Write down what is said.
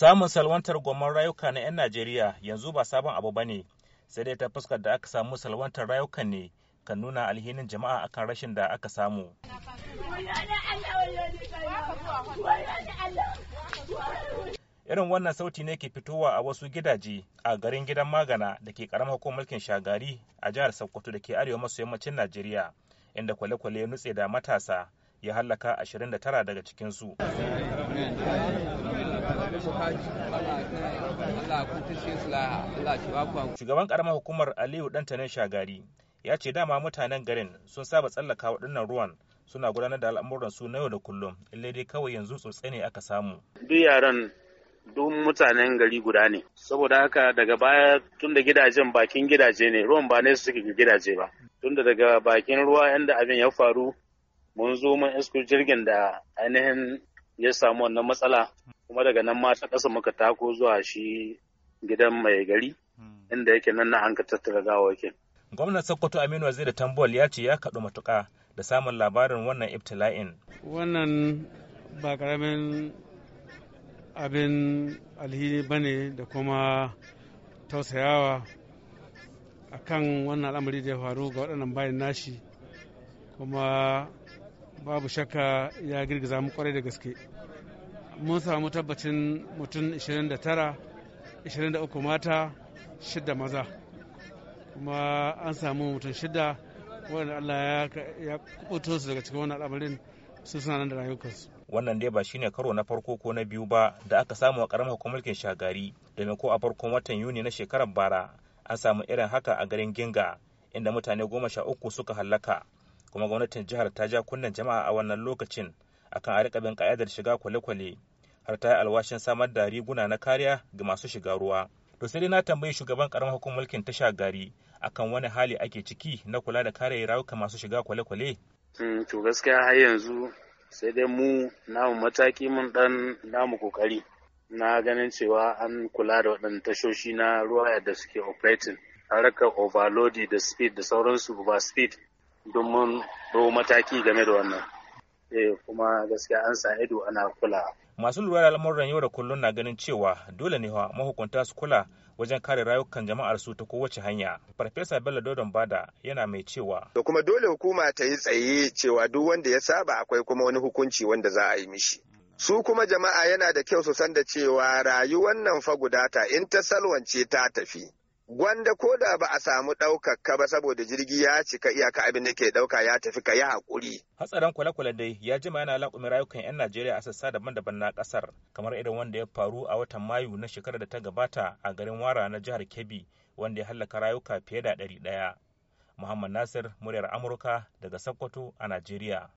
Samun salwantar gwamman rayuka na 'yan Najeriya yanzu ba sabon abu ba ne, sai dai ta fuskar da aka samu salwantar rayukan ne kan nuna alhinin jama'a akan rashin da aka samu. Irin wannan sauti ne ke fitowa a wasu gidaje a garin gidan magana da ke karamar hukumar mulkin shagari a jihar Sokoto da ke arewa maso yammacin Najeriya, inda kwale-kwale ya nutse da matasa ya hallaka 29 daga cikinsu. Shugaban karamar hukumar Aliyu Dantanen Shagari ya ce dama mutanen garin sun saba tsallaka waɗannan ruwan suna gudanar da al'amuran su na yau da kullum illai dai kawai yanzu tsotsai ne aka samu. Duk yaran duk mutanen gari guda ne saboda haka daga baya tun da gidajen bakin gidaje ne ruwan ba ne suke gidaje ba tunda daga bakin ruwa inda abin ya faru mun zo mun isko jirgin da ainihin ya samu wannan matsala kuma daga nan mata kasa ƙasa muka tako zuwa shi gidan mai gari hmm. inda yake nan na an ka tattara gawakin. Gwamnan Sokoto Aminu da Tambol ya ce ya kaɗu matuƙa da samun labarin wannan ibtila'in. Wannan ba ƙaramin abin alhini ba ne da kuma tausayawa a kan wannan al'amari da ya faru ga waɗannan bayan nashi kuma babu shakka ya girgiza mu kwarai da gaske mun samu tabbacin mutum 29 23 mata shidda maza kuma an samu mutum shidda wanda Allah ya kubuto su daga cikin wannan al'amarin su suna nan da rayukansu wannan dai ba shine karo na farko ko na biyu ba da aka samu a karamar mulkin shagari da ko a farkon watan yuni na shekarar bara an samu irin haka a garin ginga inda mutane goma sha uku suka hallaka kuma gwamnatin jihar ta ja kunnen jama'a a wannan lokacin akan a ka'idar shiga kwale-kwale har ta yi alwashin samar da riguna na kariya ga masu shiga ruwa to sai dai na tambayi shugaban karamar hukumar mulkin tasha gari akan wani hali ake ciki na kula da kare rayuka masu shiga kwale-kwale hmm, to gaskiya har yanzu sai dai mu namu mataki mun dan namu kokari na ganin cewa an kula da waɗannan tashoshi na ruwa da suke operating harkar overloading da speed da sauransu ba speed duk mun mataki game da wannan eh kuma gaskiya an sa ido ana kula masu lura da al'amuran yau da kullum na ganin cewa dole ne mahukunta su kula wajen kare rayukan jama'ar su ta kowace hanya. Farfesa Bello Dodon Bada yana mai cewa. Da kuma dole hukuma ta yi tsaye cewa duk wanda ya saba akwai kuma wani hukunci wanda za a yi mishi. Su kuma jama'a yana da kyau su san da cewa rayuwar nan fa guda ta in ta salwance ta tafi. wanda ko da ba a samu ɗaukaka ba saboda jirgi ya cika iyaka abin da ke ɗauka ya tafi ka yi hakuri. Hatsarin kwale-kwale dai ya jima yana laƙumi rayukan 'yan Najeriya a sassa daban-daban na ƙasar kamar irin wanda ya faru a watan Mayu na shekarar da ta gabata a garin Wara na jihar Kebbi wanda ya hallaka rayuka fiye da ɗari ɗaya. Muhammad Nasir, muryar Amurka daga Sokoto a Najeriya.